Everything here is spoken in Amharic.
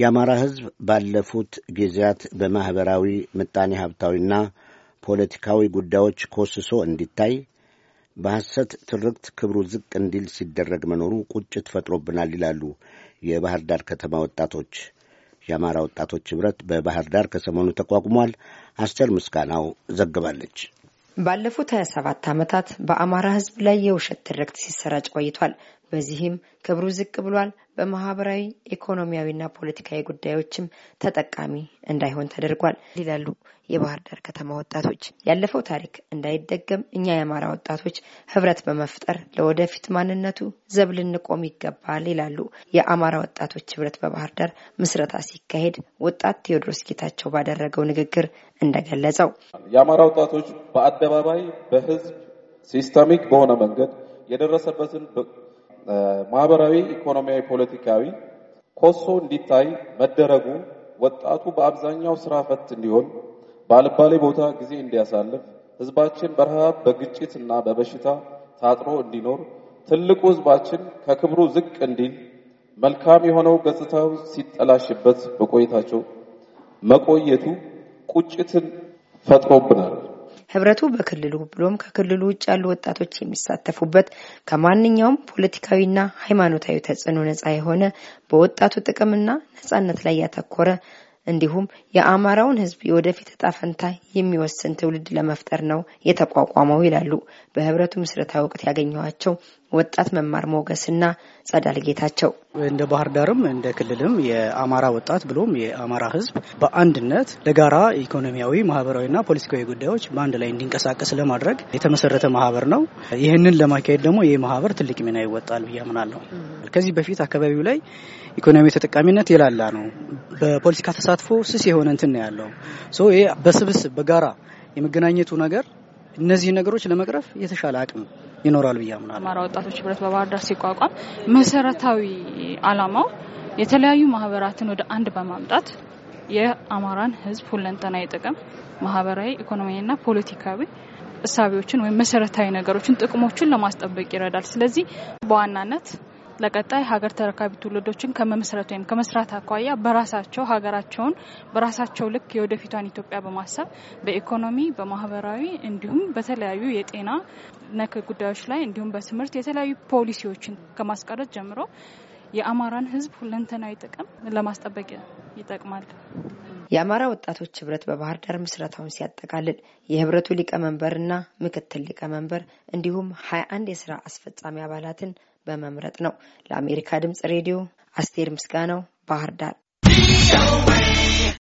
የአማራ ሕዝብ ባለፉት ጊዜያት በማኅበራዊ ምጣኔ ሀብታዊና ፖለቲካዊ ጉዳዮች ኮስሶ እንዲታይ በሐሰት ትርክት ክብሩ ዝቅ እንዲል ሲደረግ መኖሩ ቁጭት ፈጥሮብናል ይላሉ የባህር ዳር ከተማ ወጣቶች። የአማራ ወጣቶች ኅብረት በባህር ዳር ከሰሞኑ ተቋቁሟል። አስቴር ምስጋናው ዘግባለች። ባለፉት 27 ዓመታት በአማራ ህዝብ ላይ የውሸት ትርክት ሲሰራጭ ቆይቷል። በዚህም ክብሩ ዝቅ ብሏል። በማህበራዊ ኢኮኖሚያዊና ፖለቲካዊ ጉዳዮችም ተጠቃሚ እንዳይሆን ተደርጓል ይላሉ የባህር ዳር ከተማ ወጣቶች። ያለፈው ታሪክ እንዳይደገም እኛ የአማራ ወጣቶች ህብረት በመፍጠር ለወደፊት ማንነቱ ዘብ ልንቆም ይገባል ይላሉ። የአማራ ወጣቶች ህብረት በባህር ዳር ምስረታ ሲካሄድ ወጣት ቴዎድሮስ ጌታቸው ባደረገው ንግግር እንደገለጸው የአማራ ወጣቶች በአደባባይ በህዝብ ሲስተሚክ በሆነ መንገድ የደረሰበትን ማህበራዊ፣ ኢኮኖሚያዊ፣ ፖለቲካዊ ኮሶ እንዲታይ መደረጉ ወጣቱ በአብዛኛው ስራ ፈት እንዲሆን ባልባሌ ቦታ ጊዜ እንዲያሳልፍ ህዝባችን በረሃብ በግጭት እና በበሽታ ታጥሮ እንዲኖር ትልቁ ህዝባችን ከክብሩ ዝቅ እንዲል መልካም የሆነው ገጽታው ሲጠላሽበት በቆይታቸው መቆየቱ ቁጭትን ፈጥሮብናል። ህብረቱ በክልሉ ብሎም ከክልሉ ውጭ ያሉ ወጣቶች የሚሳተፉበት ከማንኛውም ፖለቲካዊና ሃይማኖታዊ ተጽዕኖ ነጻ የሆነ በወጣቱ ጥቅምና ነጻነት ላይ ያተኮረ እንዲሁም የአማራውን ህዝብ የወደፊት እጣ ፈንታ የሚወስን ትውልድ ለመፍጠር ነው የተቋቋመው ይላሉ በህብረቱ ምስረታ ወቅት ያገኘኋቸው ወጣት መማር ሞገስና ጸዳል ጌታቸው እንደ ባህር ዳርም እንደ ክልልም የአማራ ወጣት ብሎም የአማራ ሕዝብ በአንድነት ለጋራ ኢኮኖሚያዊ፣ ማህበራዊና ፖለቲካዊ ጉዳዮች በአንድ ላይ እንዲንቀሳቀስ ለማድረግ የተመሰረተ ማህበር ነው። ይህንን ለማካሄድ ደግሞ ይህ ማህበር ትልቅ ሚና ይወጣል ብዬ አምናለሁ። ከዚህ በፊት አካባቢው ላይ ኢኮኖሚ ተጠቃሚነት የላላ ነው። በፖለቲካ ተሳትፎ ስስ የሆነ እንትን ነው ያለው። ይህ በስብስብ በጋራ የመገናኘቱ ነገር እነዚህ ነገሮች ለመቅረፍ የተሻለ አቅም ይኖራል ብዬ አምናለሁ። አማራ ወጣቶች ህብረት በባህር ዳር ሲቋቋም መሰረታዊ አላማው የተለያዩ ማህበራትን ወደ አንድ በማምጣት የአማራን ህዝብ ሁለንተናዊ ጥቅም ማህበራዊ፣ ኢኮኖሚያዊና ፖለቲካዊ እሳቢዎችን ወይም መሰረታዊ ነገሮችን፣ ጥቅሞችን ለማስጠበቅ ይረዳል። ስለዚህ በዋናነት ለቀጣይ ሀገር ተረካቢ ትውልዶችን ከመመስረት ወይም ከመስራት አኳያ በራሳቸው ሀገራቸውን በራሳቸው ልክ የወደፊቷን ኢትዮጵያ በማሰብ በኢኮኖሚ፣ በማህበራዊ እንዲሁም በተለያዩ የጤና ነክ ጉዳዮች ላይ እንዲሁም በትምህርት የተለያዩ ፖሊሲዎችን ከማስቀረት ጀምሮ የአማራን ህዝብ ሁለንተናዊ ጥቅም ለማስጠበቅ ይጠቅማል። የአማራ ወጣቶች ህብረት በባህር ዳር ምስረታውን ሲያጠቃልል የህብረቱ ሊቀመንበርና ምክትል ሊቀመንበር እንዲሁም ሀያ አንድ የስራ አስፈጻሚ አባላትን በመምረጥ ነው። ለአሜሪካ ድምጽ ሬዲዮ አስቴር ምስጋናው ባህር ዳር